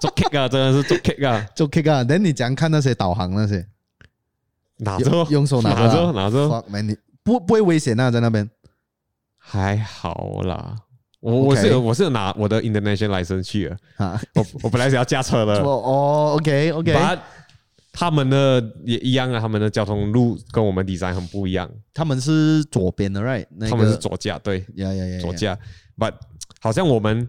做 kick 啊，真的是做 kick 啊， 做 kick 啊。然你講看那些導航那些，拿着，用手拿着，拿着。唔係、wow, 不，不會危險啊，在那邊。還好啦，okay. 我我是我是拿我的 international license 去了啊。我我本來是要駕車的。哦 oh,，OK OK。But 他們的也一樣啊，他們的交通路跟我們 design 很不一樣。他們是左邊的，right？、那個、他們是左駕，對 yeah yeah yeah，左駕，but 好像我們。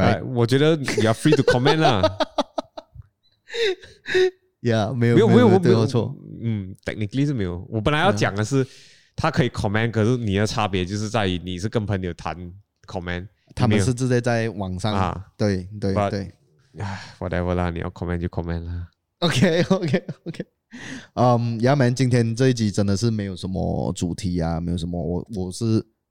哎，我覺得你係 free to comment 啦，yeah，沒有，沒有，沒有，沒有錯，嗯，technically 是沒有。我本來要講的是，他可以 comment，可是你的差別就是在於，你是跟朋友談 comment，他們是直接在網上啊，對對對，哎，whatever 啦，你要 comment 就 comment 啦。OK OK OK，嗯，yeah man，今天這一集真的是沒有什麼主題啊，沒有什麼，我我是。